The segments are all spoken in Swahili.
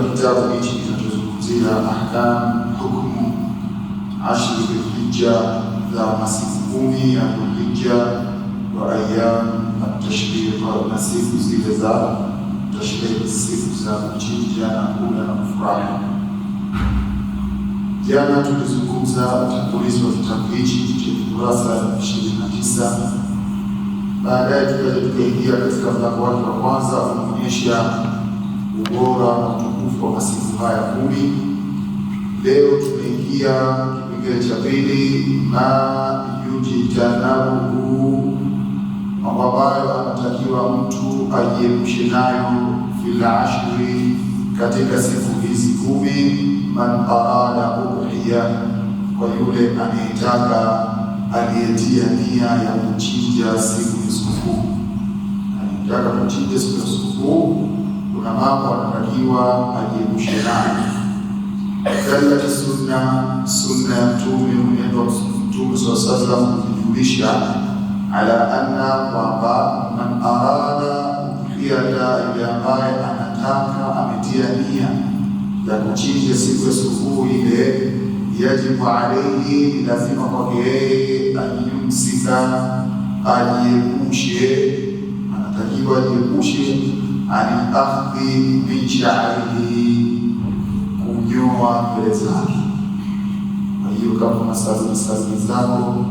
الكتاب يجي تنزيل أحكام حكم عشر ذي الحجة ذا masiku ya Dhulhijja wa ayyam at-tashriq na siku zile za tashriq, siku za kuchinja na kula na kufurahi. Jana tulizungumza utangulizi wa kitabu hichi chenye kurasa ishirini na tisa. Baadaye tukaja tukaingia katika mlango wake wa kwanza unaonyesha ubora na utukufu wa masifu haya kumi. Leo tumeingia kipengele cha pili na yujitanabuhu, mambo ambayo anatakiwa mtu ajiepushe nayo fil ashri, katika siku hizi kumi. Man arada kwa yule anayetaka aliyetia nia ya kuchinja siku ya sikukuu, anayetaka kuchinja siku ya sikukuu kuna mambo anatakiwa ajiepushe nayo. Katika sunna sunna ya Mtume mwenendo Mtume swalla sallam kujijulisha ala anna kwamba man arada udhiyata, ile ambaye anataka ametia nia ya kuchinja siku ya sikukuu ile, yajibu alaihi, ni lazima kwake yeye anyumsika, ajiepushe takiwa jiepushe aniakhdhi min shaarihi, kunyoa nywele zake. Kwa hiyo kama masazi masazi zako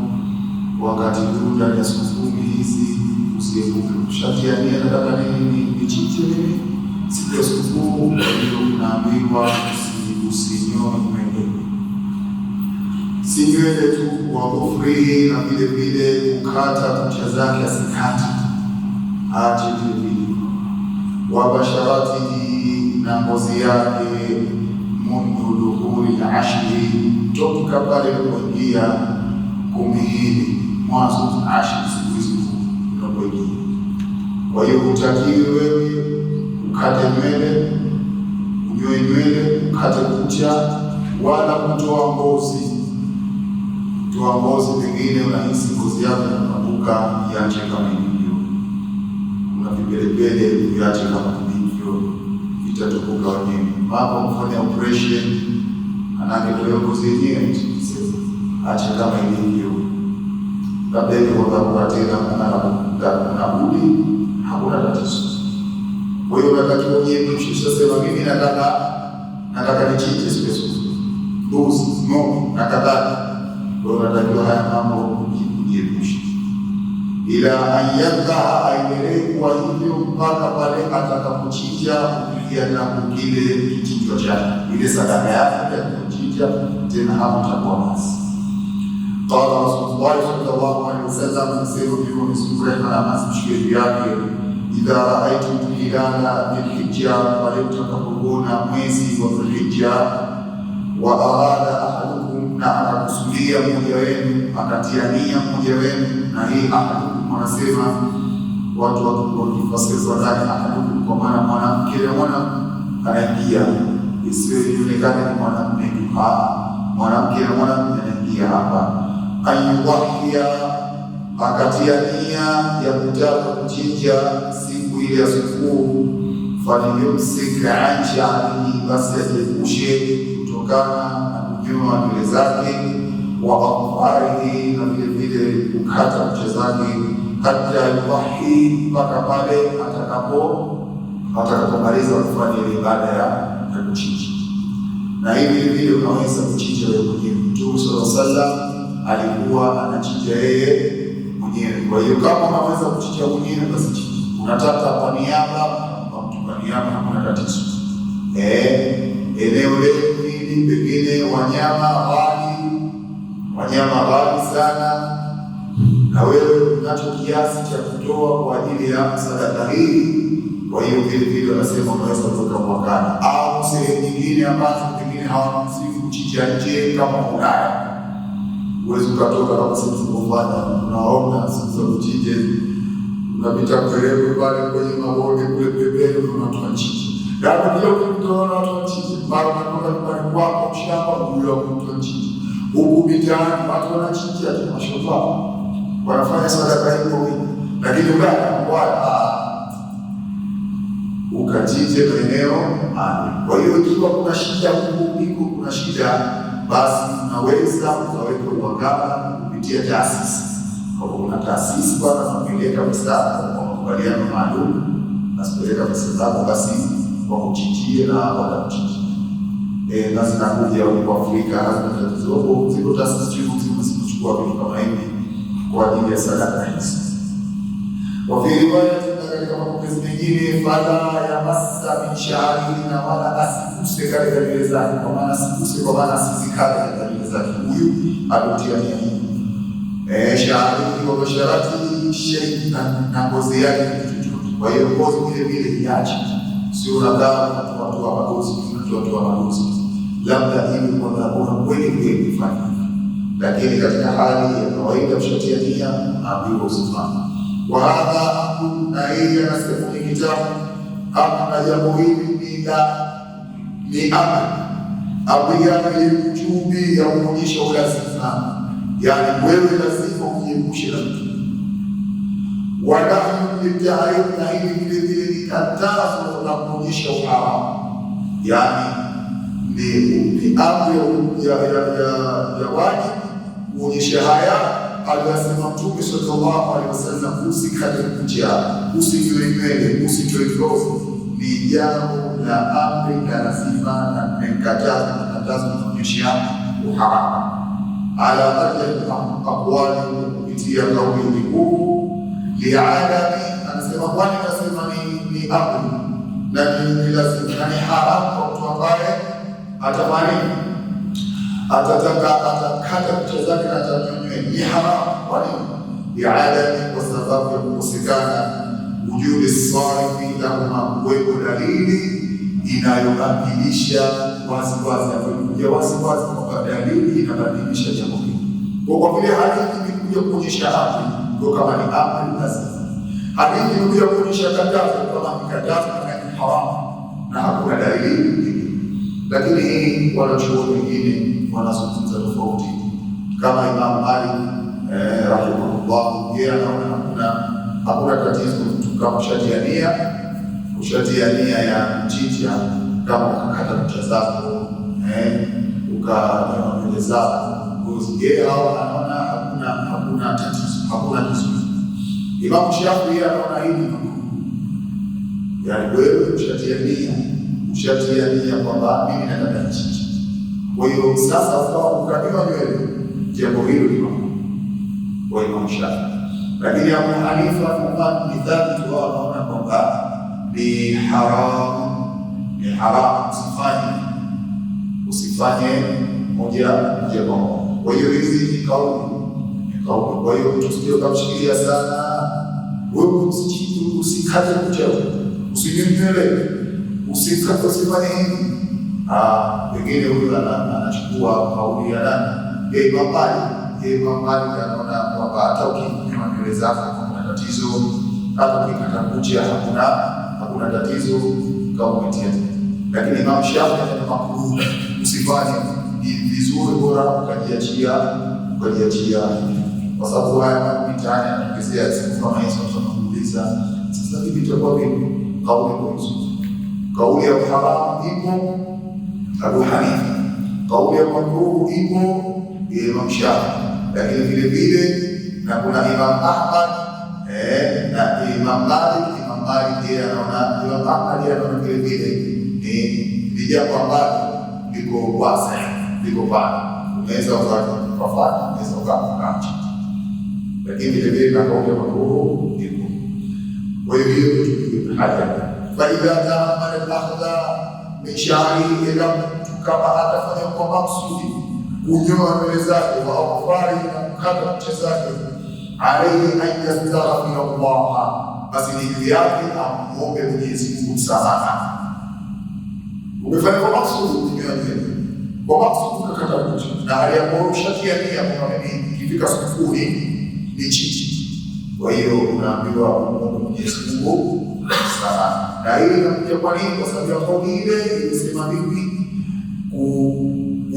wakati huu ndani ya siku kumi hizi usiepuke kushatiania, nataka nini nichiche nini siku ya sikukuu. Kwa hiyo unaambiwa usinyoe nywele, si nywele tu, wa kufrihi na vile vile kukata kucha zake asikate hati wa basharatihi, na ngozi yake mundu duhuri ashri, toka pale kuingia kumi hili mwanzo ashri siku hizi unapoingia. Kwa hiyo hutakii wewe ukate nywele, unyoe nywele, ukate kucha wala kutoa ngozi. Toa ngozi, pengine unahisi ngozi yako inapanuka, iache kamili kuna vigelegele viache kama hivyo vitatoboka wenyewe. Mambo mfanya operation anakitoa ngozi yenyewe, acha kama ilivyo, labda kwa ikakakuwa tena budi, hakuna tatizo. Kwa hiyo unatakiwa ujiepushe. Sasa mimi nataka nataka nichinje speso mbuzi, ng'ombe na kadhalika. Kwa hiyo unatakiwa haya mambo ujiepushe ila anyaka aendelee kuwa hivyo mpaka pale atakapochija kupiga na kukile kichinjwa chake, ile sadaka yake ya kuchinja, tena hapo takuwa basi. Qala Rasulullah sallallahu alaihi wasallam, sema hivyo msifanye maasi mshike yake. Idha raaitum hilala dhilhijja, pale mtakapoona mwezi wa Dhilhijja, wa arada na atakusudia mmoja wenu, nia mmoja wenu, na yeye atakuhukumu. Anasema watu wakifasiriwa ndani, atakuhukumu kwa maana mwanamke na mwana anaingia, isiwe ionekane ni mwanamume tu. Mwanamke na mwanamume anaingia hapa, akatia nia ya kutaka kuchinja siku ile ya sikukuu, falyumsik an sha'rihi, basi ajiepushe kutokana kunyanyua nywele zake wa afarihi, na vile vile kukata kucha zake, hata yuwahi mpaka pale atakapo atakapomaliza kufanya ile ibada ya kuchinja. Na hivi vile unaweza kuchinja wewe mwenyewe. Mtume sallallahu sala wasallam alikuwa anachinja yeye mwenyewe. Kwa hiyo kama unaweza kuchinja mwenyewe, basi chinja. Unataka kwa niaba kwa mtu, kwa niaba hakuna tatizo. Eh, eneo leo lakini pengine wanyama wali wanyama wali sana, na wewe unacho kiasi cha kutoa kwa ajili ya sadaka hii. Kwa hiyo vile vile wanasema unaweza kutoka mwakani au sehemu nyingine ambazo pengine hawaruhusiwi nchi za nje kama Ulaya, uwezi ukatoka na sisi Unaona sisi tuchije, unapita kwerevu pale kwenye mabonde kule pembeni, unatoa chichi, yaani, labda ndio kutoona watu chichi mara kwa mara shamba mliokutochinja. Huku mitaani watu wanachinja tu mashamba, wanafanya sadaka hiyo wingi, lakini udaka wala ukachinje maeneo haya. Kwa hiyo ikiwa kuna shida huku iko kuna shida, basi unaweza ukaweka uwakala kupitia taasisi. Kwa kuna taasisi bwana zinapeleka msaada kwa makubaliano maalum, na sipeleka pesa zako basi wakuchinjie na watakuchinjia E, na zinakuja Afrika zilipo ziko taasisi zilizo zilizochukua vitu kama hivi kwa ajili ya sadaka hizi. Katika mapokezi mengine, fala ya masa min na wala asiguse katika nywele zake, kwa maana asiguse, kwa maana asizikate katika nywele zake. Huyu alutia nia hii e, shaari wa basharati shei, na ngozi yake. Kwa hiyo ngozi vile vile iache, sio nadhara watu wa magozi wa wanafunzi, labda ili kwamba kuna kweli kweli kufanya, lakini katika hali ya kawaida ushatia nia naambiwa usifanye. Kwa hadha na hili anasema kwenye kitabu ama jambo hili ni la ni amri awiyaejubi ya kuonyesha ulazima, yani wewe lazima ujiepushe na mtu wala ni tayari, na hili vile ni katazo la kuonyesha uharamu yani ni amri ya wajibu kuonyesha haya aliyosema Mtume sallallahu alaihi wasallam, usikate kucha, usitoe nywele, usitoe ndovu, ni jambo la amri na lazima na mmekataza katazo kuonyesha uharamu ala ajali aqwali kupitia kauli kuu liadami, anasema kwani ni, ni amri lakini lazima ni haramu kwa mtu ambaye atamani atataka atakata kucha zake na atanyonywe, ni haramu. Kwa nini? Biadami, kwa sababu ya kukosekana ujuri sarifi, ama kuwepo dalili inayobadilisha waziwazi, akuja waziwazi kwamba dalili inabadilisha jambo hili. Kwa vile hadithi imekuja kuonyesha amri, ndio kama ni amri, basi hadithi imekuja kuonyesha katazo, kama ni katazo hawapo na hakuna dalili nyingine. Lakini hii wanachuoni wengine wanazungumza tofauti, kama Imam Malik eh, rahimahullah, eh, yeye anaona hakuna hakuna tatizo tuka kama ushatia nia ushatia nia ya mchicha, kama ukakata kucha zako ukanyoa nywele zako ngozi, yeye anaona hakuna tatizo, hakuna kizuizi. Imam Shafi yeye anaona hivi yaani wewe ushatia nia, ushatia nia kwamba mimi nataka hichi. Kwa hiyo sasa ukawa ukukaniwa nywele, jambo hilo ni kwa Imam Shafi, lakini Abu Hanifa ni dhati tu, wanaona kwamba ni haramu, ni haramu, usifanye usifanye moja moja kwa moja. Kwa hiyo hizi ni kauli, ni kauli. Kwa hiyo tusije tukamshikilia sana wewe, usikaze kucheza Usijimpeleke, usikate, usifanye hivi. Pengine huyu anachukua kauli ya nani? Yeye pambani, yeye pambani, anaona kwamba hata ukinyima nywele zako kuna tatizo, hata ukikata kucha hakuna hakuna tatizo, kama umetia. Lakini Imam Shafi anasema makuu, usifanye vizuri, bora ukajiachia, ukajiachia, kwa sababu haya mitaani anaongezea siku kama hizo, mtu sasa hivi itakuwa vipi? kauli nguzo. Kauli ya haramu ipo Abu Hanifa, kauli ya makruhu ipo Imam Shafi, lakini vile vile na kuna Imam Ahmad eh, na Imam Malik. Imam Malik yeye anaona, Imam Ahmad yeye anaona vile vile ni jambo ambalo liko wasa, liko pana, unaweza ukafanya, unaweza ukafukacha, lakini vile vile na kauli ya makruhu ipo atafanya kwa makusudi kunyoa nywele zake waakbari na kukata kucha zake, alaihi an yastaghfira Allaha, basi ni juu yake amuombe Mwenyezi Mungu msamaha. Umefanya kwa makusudi kunyoa nywele, kwa makusudi kukata kucha, na hali ya kuorusha tia nia kwa mimi ikifika sufuri ni kwa hiyo unaambiwa Mwenyezi Mungu sana. na hiyo inakuja kwa nini? Kwa sababu ya kauli ile ilisema vipi,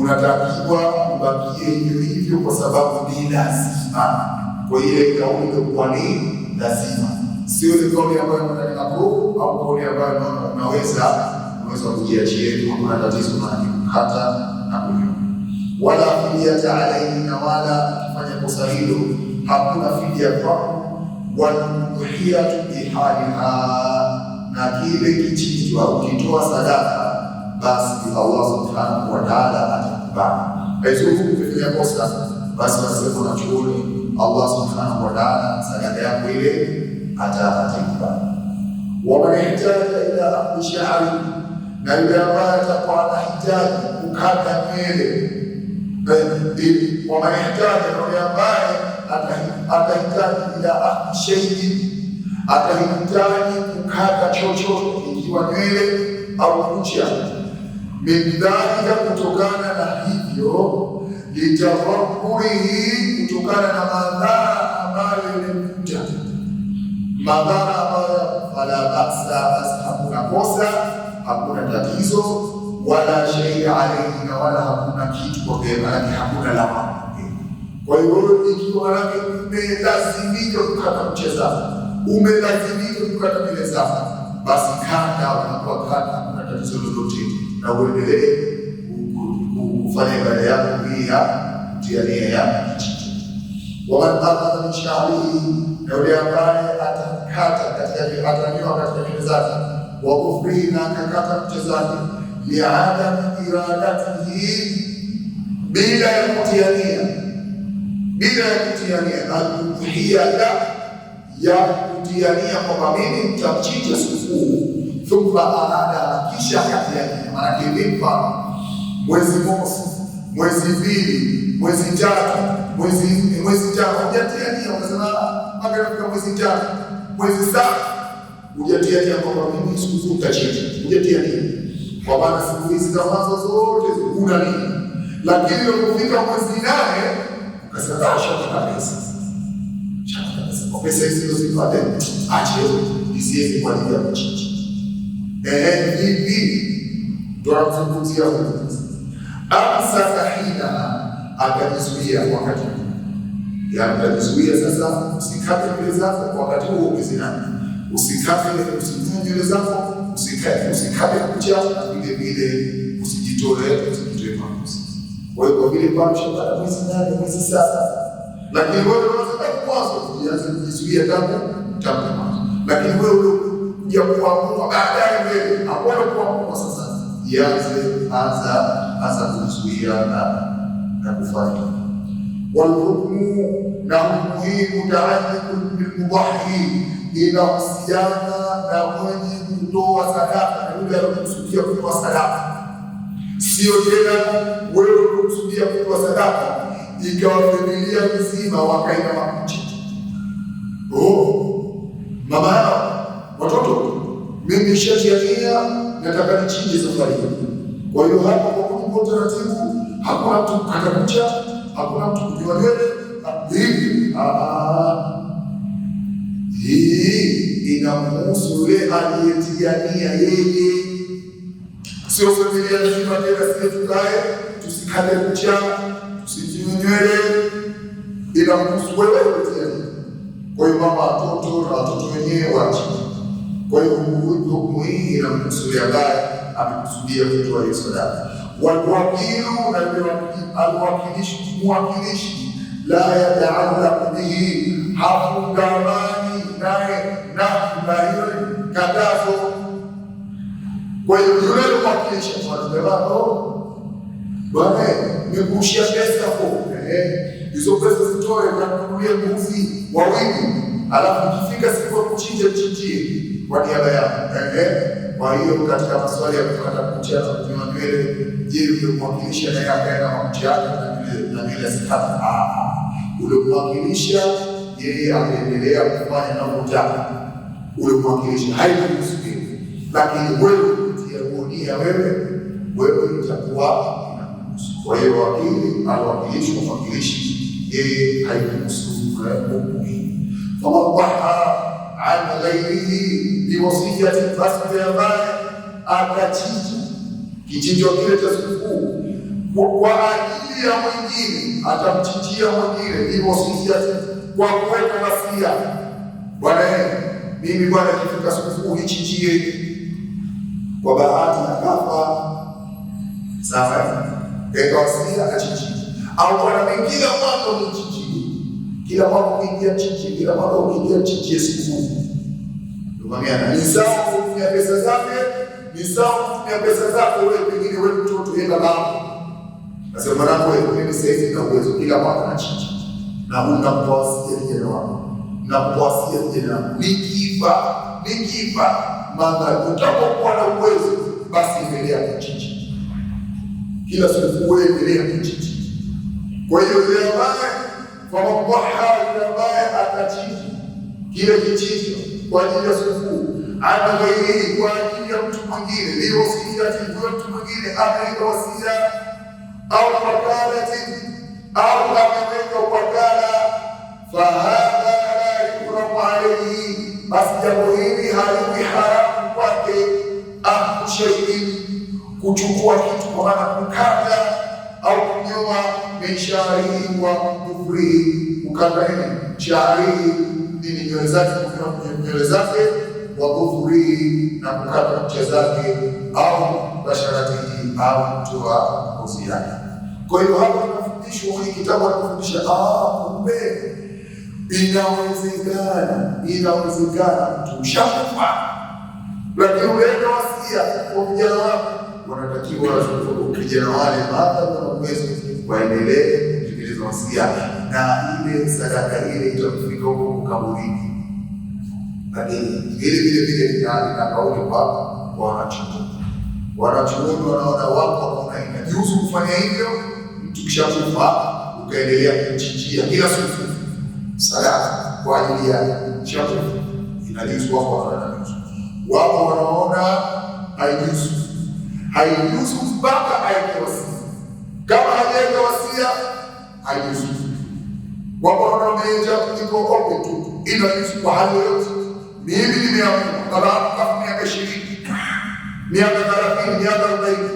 unatakiwa ubakie hivyo hivyo kwa sababu ni lazima. Kwa hiyo kauli kwa nini lazima, sio ile kauli ambayo unataka ku au kauli ambayo unaweza unaweza kujiachia, hakuna tatizo na hata na kunywa wala fidia taalaihi, na wala kufanya kosa hilo hakuna fidia kwako wanuhiratu bihaliha, na kile kichinjwa ukitoa sadaka, basi Allah subhanahu wa ta'ala atakubali. Aizukufikiria kosa, basi wasema na chuoni, Allah subhanahu wa ta'ala sadaka yako ile atakubali. Wamanihtaja ila ahdi na yule ambaye atakuwa anahitaji kukata nywele, wamanihtaja na yule ambaye atahitaji bidhaa shei, atahitaji kukata chochote, ikiwa nywele au kucha. ya kutokana na hivyo, litafakurihi, kutokana na madhara ambayo yamekuja, madhara ambayo fala basa, hakuna kosa, hakuna tatizo wala shei alaihi, na wala hakuna kitu kwake, maanake hakuna lawama kwa hiyo ikiwa rangi umelazimika kukata mcheza sasa, umelazimika kukata vile basi kata unakuwa kata, kuna tatizo lolote, na uendelee kufanya ibada yako hii ya kutia nia ya kijito. Waman mishahrihi, na yule ambaye atakata katika ataniwa katika nywele zake, wa kufrihi, na akakata mche zake, liadami iradatihi, bila ya kutia nia bila ya kutiania da ya kutiania kwamba mimi nitamchinja sikukuu, thumma arada, kisha akatiania. Maanake vipa mwezi mosi, mwezi mbili, mwezi tatu, mwezi nne, mwezi tano hujatiania, unasema mpaka nafika mwezi tatu, mwezi saba hujatiania kwamba mimi sikukuu nitachinja, hujatiania kwa maana siku hizi za mwanzo zote una nini, lakini kufika mwezi nane Mas cada um chama de cabeça. Chama de cabeça. Comecei isso nos enquadrem. Ativo, dizia enquadrinha mentite. Ehe, o cicatriz anamzungumzia huyu. Amsaka o cicatriz wakati huu. Yaani o cicatriz usikate nywele zako o cicatriz ukizina. Usikate usikate o cicatriz usikate usikate kucha, o cicatriz usijitoe usijitoe makosa wewe kwa vile kwa mshamba mimi sasa mimi sasa, lakini wewe unataka kwanza kujianza kujizuia tangu tangu mwanzo, lakini wewe unakuja kuamua baadaye, wewe hapo kuamua sasa, ianze hasa hasa kujizuia na na kufanya walhukumu na hukumu hii mutaalliqun bilmudahhi, inahusiana na mwenye kutoa sadaka, yule anakusudia kutoa sadaka Sio tena wewe ukusudia kutoa sadaka familia mzima wakaenda makuti. Oh, mama yao watoto, mimi shajiania nataka nichinje safari hii. Kwa hiyo hapa kwa kuchukua utaratibu, hakuna mtu kukata kucha, hakuna mtu kunywa nywele hivi. Ah, ah, ah. Hii inamuhusu yule aliyetiania yeye sio familia nzima tena, sisi tukae, tusikate kucha, tusijiu nywele, ila mkusu wewe tena. Kwa hiyo mama watoto na watoto wenyewe wachi. Kwa hiyo hukumu hii ina mkusuri ambaye amekusudia mtu wa Yesu dada Walwakilu na alwakilishi, mwakilishi la yataalaku bihi hafungamani naye na kuna hiyo katazo kwa hiyo yule alikuwakilisha sazielao bwana, nikuushia pesa hapo, eh, hizo pesa zitoe kakunulia mbuzi wawili, alafu kifika siku kuchinja chinjie kwa niaba yako. Eh, kwa hiyo katika maswali ya kukata kucha na kunyoa nywele, je, ulimwakilisha na yake na makucha yake na nywele zikata? Ah, ah, ulimwakilisha yeye ameendelea kufanya na kutaka ulimwakilisha, haikuhusu lakini wewe kuhudumia wewe, wewe utakuwa kwa hiyo wakili au wakilishi mwakilishi, yeye haikuhusu Mungu. fawadaha an ghairihi biwasiyati, basi yule ambaye akachinja kichinjwa kile cha sikukuu kwa ajili ya mwingine, atamchinjia mwingine biwasiyati, kwa kuweka wasia. Bwana mimi bwana, ikifika sikukuu nichinjie kwa bahati na sawa, ekawasilia kachichi au bwana mwingine, mwaka ni chichi, kila mwaka ukiingia chichi, kila mwaka ukiingia chichi yesiku tukamia ni sawa kutumia pesa zake, ni sawa kutumia pesa zako wewe, pengine wewe mtoto yeye baba nasema mwanangu, wewe ni saizi na uwezo, kila mwaka na chichi na Mungu mtawasikia vijana wako na mtawasikia vijana nikifa nikifa madhara. Utakapokuwa na uwezo, basi endelea kujichi, kila siku wewe endelea kujichi. Kwa hiyo yule ambaye kwa mabaha, yule ambaye atachiki kile kichicho kwa ajili ya sikukuu ana ghairihi, kwa ajili ya mtu mwingine, liwasiliati kwa mtu mwingine, ameweka wasia au wakalati au ameweka wakala fahadha la yukramu alaihi, basi jambo hili halikuha kuchukua kitu, kwa maana kukata au kunyoa ni shari wa kufri. Kukata nini? Shari ni nywele zake, nywele zake wa kufuri na kukata kucha zake au basharati au kutoa ngozi yake. Kwa hiyo hapo tunafundishwa hii kitabu anafundisha, ah, kumbe inawezekana, inawezekana mtu ushakufa, lakini uenda wasia kwa mjana wako kijana wale waendelee kutekeleza wasia na ile sadaka ile itakufika huko kaburini. Lakini vile vile vile ina kauli kwa wanachuoni, wanachuoni wanaona wako na inajuzu kufanya hivyo, mtu kisha kufa ukaendelea kuchinjia kila siku sadaka kwa ajili ya chakula inajuzu, wako wanaona haijuzu haihusu mpaka aeke wasia. Kama hajaweka wasia haihusu. Wapo wameja iko tu, inahusu kwa hali yoyote. Mimi nimeamua kama miaka ishirini, miaka thelathini, miaka arobaini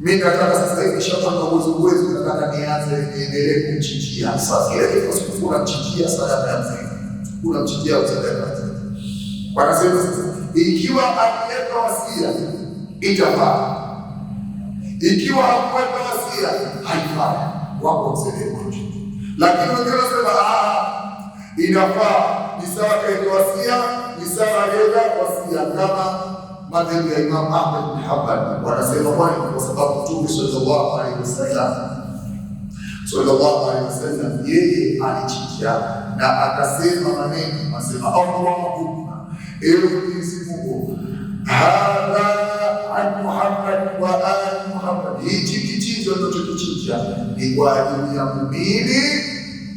mi nataka sasa hivi shamba uwezo uwezo, nataka nianze niendelee kuchichia sasa. Ile kwa sababu kuna chichia sana na mzee, Wanasema ikiwa akiweka wasia itafaa. Ikiwa hakuwepo ghasia haifai, wako mselemoja. Lakini wengine wanasema ah, inafaa, ni sawa kaeka wasia, ni sawa aliweka wasia, kama madhehebu ya Imam Ahmed bin Hanbal wanasema kwani kwa sababu Mtume sallallahu alaihi wasallam sallallahu alaihi wasallam yeye alichinja na akasema maneno, asema Allahu akbar, ewe Mwenyezi Mungu hadha hichi kichinjio tunachokichinja ni kwa ajili ya muumini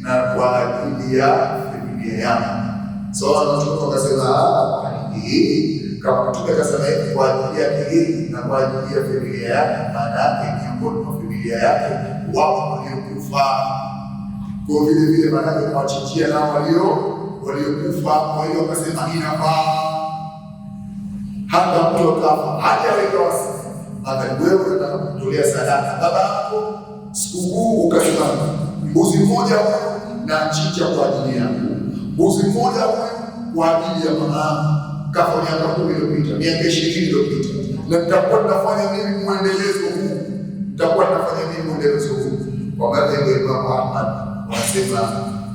na kwa ajili ya familia yake. So anachokuwa kasema hii ah, kama mtu akasema hivi eh, kwa ajili ya hii na kwa ajili ya familia yake, maana yake miongoni mwa familia yake wako waliokufa kwa vile vile, maana yake kuwachinjia nao walio waliokufa. Kwa hiyo akasema inafaa hata mtu akafa hajaweka wasi hata wewe unataka kumtolea sadaka baba yako sikukuu, ukasema mbuzi mmoja huyu na mchicha kwa ajili yangu, mbuzi mmoja huyu kwa ajili ya mama kafa miaka kumi iliyopita miaka ishirini iliyopita, na nitakuwa nafanya mimi mwendelezo huu, nitakuwa nafanya mimi mwendelezo huu. Kwa madhehebu ya Imamu Ahmad wanasema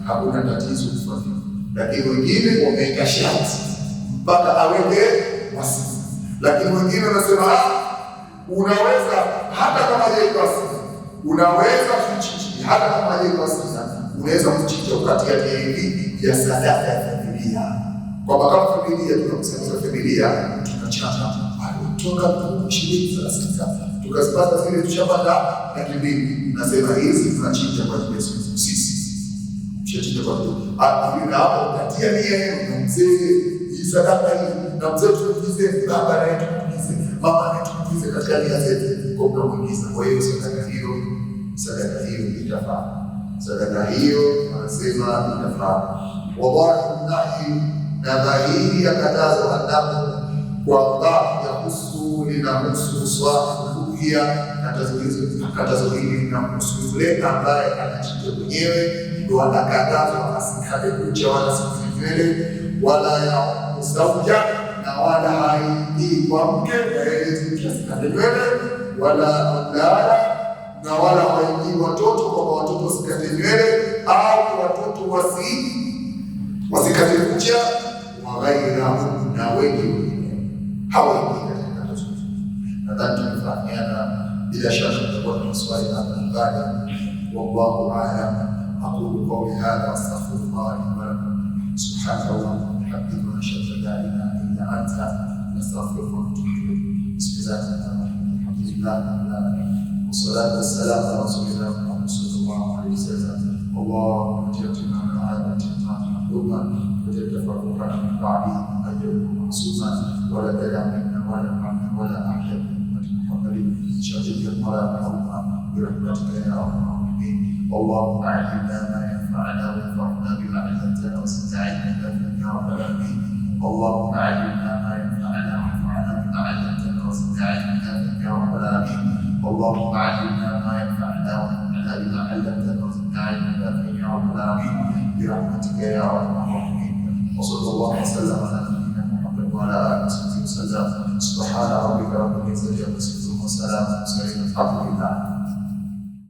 hakuna tatizo kufanya, lakini wengine wameweka sharti mpaka aweke wasifu, lakini wengine wanasema ah, Unaweza hata kama jekwasii, unaweza kuchinja hata kama jekwasisa, unaweza kuchinja ukatia dini ya sadaka ya familia, kwamba kama familia tunakusanyika, familia tunachana toka ishirini thelathini tukazipata zile tushapata na kibindi, nasema hizi tunachinja kwa ajili ya Yesu sisi shachinja kwa ajili na ah, hapo katia nia yenu na mzee hii sadaka hii na mzee tukuze baba yetu Baba atukuze katika nia zetu kwa unaoingiza. Kwa hiyo sadaka hiyo, sadaka hiyo itafaa, sadaka hiyo anasema itafaa. Wawahi na dhahiri ya katazo hatamu kwa baadhi ya kusu linahusu swafu upya, katazo hili na linahusu yule ambaye anachinja mwenyewe, ndo anakatazwa asikate kucha wala asikunye wala ya usauja na walahaidi kwa mke haezi kiasi na nywele wala ulala na wala waidi watoto kwamba watoto wasikate nywele au watoto wasi wasikate kucha waghairahu na wengi wengine hawaingi katika tatizo. Nadhani tumefahamiana, bila shaka tutakuwa na maswali mbalimbali. Wallahu aalam. Aqulu qawli hadha wa astaghfirullah li wa lakum. Subhanallah wa bihamdihi wa ashhadu an la ilaha أنت نستغفرك ونتوب بسم الله الرحمن الرحيم الحمد لله رب العالمين والصلاة والسلام على رسول الله محمد صلى الله عليه وسلم اللهم اجعلنا من عادتك محبوبا وجد فرقا من بعدي أجره محسوسا ولا تدع منا ولا عنا ولا أحد من محمد شهدك اللهم برحمتك يا أرحم الراحمين اللهم علمنا ما ينفعنا وانفعنا بما علمتنا واستعنا بك يا رب العالمين اللهم علمنا ما ينفعنا وانفعنا علمتنا وزدنا علما يا رب العالمين اللهم علمنا ما ينفعنا وانفعنا بما علمتنا وزدنا علما يا رب العالمين برحمتك يا ارحم الراحمين وصلى الله وسلم على نبينا محمد وعلى اله وصحبه وسلم سبحان ربك رب العزه عما يصفون وسلام على المرسلين الحمد لله